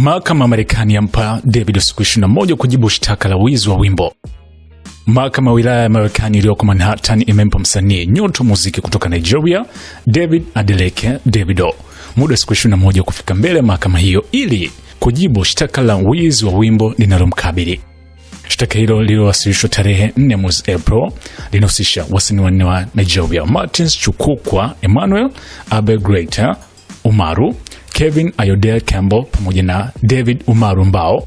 Mahakama ya Marekani yampa David siku 21 kujibu shtaka la wizi wa wimbo. Mahakama ya wilaya ya Marekani iliyoko Manhattan imempa msanii nyota muziki kutoka Nigeria David Adeleke Davido muda wa siku 21 kufika mbele ya mahakama hiyo ili kujibu shtaka la wizi wa wimbo linalomkabili. Shtaka hilo lililowasilishwa tarehe 4 mwezi April linahusisha wasanii wanne wa Nigeria, Martins Chukwukwa Emmanuel, Abel Greater, Umaru Kevin Ayodele Campbell pamoja na David Umaru Mbao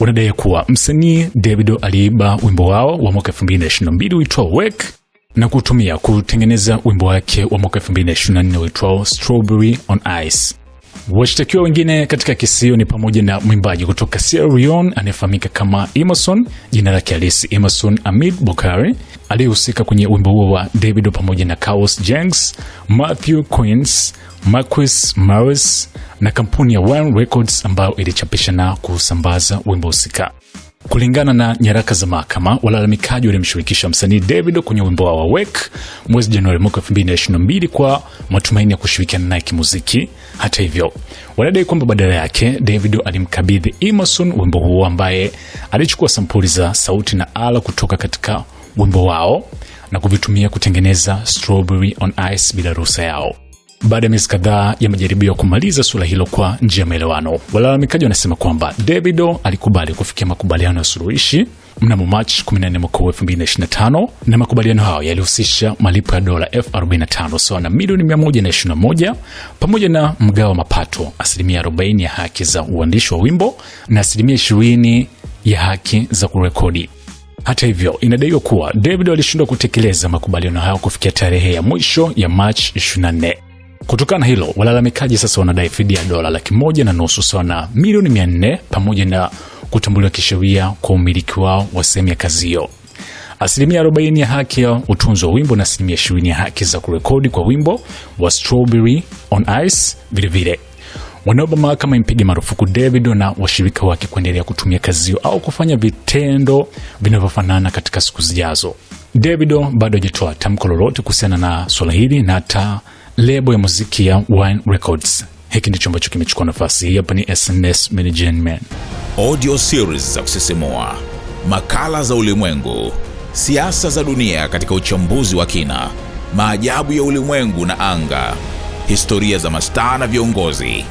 wanadai kuwa msanii Davido aliiba wimbo wao wa mwaka 2022 uitwao Work na kutumia kutengeneza wimbo wake wa mwaka 2024 uitwao Strawberry on Ice. Washtakiwa wengine katika kesi hiyo ni pamoja na mwimbaji kutoka Sierra Leone anayefahamika kama emerson jina lake halisi emerson Amid Bokari, aliyehusika kwenye wimbo huo wa Davido pamoja na carlos Jenks, Matthew Queens, Marquis Maris na kampuni ya One Records ambayo ilichapisha na kusambaza wimbo husika. Kulingana na nyaraka za mahakama, walalamikaji walimshirikisha msanii Davido kwenye wimbo wao wa Wake mwezi Januari mwaka 2022 kwa matumaini ya kushirikiana naye kimuziki. Hata hivyo, wanadai kwamba badala yake Davido alimkabidhi Emerson wimbo huo, ambaye alichukua sampuli za sauti na ala kutoka katika wimbo wao na kuvitumia kutengeneza Strawberry on Ice bila ruhusa yao baada ya miezi kadhaa ya majaribio ya kumaliza suala hilo kwa njia ya maelewano. Walalamikaji wanasema kwamba Davido alikubali kufikia makubaliano ya suluhishi mnamo Machi 14 mwaka 2025 na makubaliano hayo yalihusisha malipo ya dola 45 sawa na milioni 121 pamoja na mgao wa mapato, asilimia 40 ya haki za uandishi wa wimbo na asilimia 20 ya haki za kurekodi. Hata hivyo, inadaiwa kuwa Davido alishindwa kutekeleza makubaliano hayo kufikia tarehe ya mwisho ya Machi 24. Kutokana na hilo, walalamikaji sasa wanadai fidia ya dola laki moja na nusu sawa na milioni mia nne pamoja na kutambuliwa kisheria kwa umiliki wao wa sehemu ya kazi hiyo. Asilimia 40 ya haki ya utunzi wa wimbo na asilimia 20 ya haki za kurekodi kwa wimbo wa Strawberry on Ice vilevile. Wanaomba mahakama impige marufuku Davido na washirika wake kuendelea kutumia kazi hiyo au kufanya vitendo vinavyofanana katika siku zijazo. Davido bado hajatoa tamko lolote kuhusiana na swala hili na hata lebo ya muziki ya Wine Records. Hiki ndicho ambacho kimechukua nafasi hii. Hapa ni SMS Management, audio series za kusisimua, makala za ulimwengu, siasa za dunia katika uchambuzi wa kina, maajabu ya ulimwengu na anga, historia za mastaa na viongozi,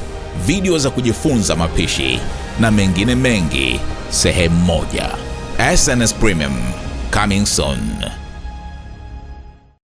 video za kujifunza mapishi na mengine mengi, sehemu moja. SNS Premium coming soon.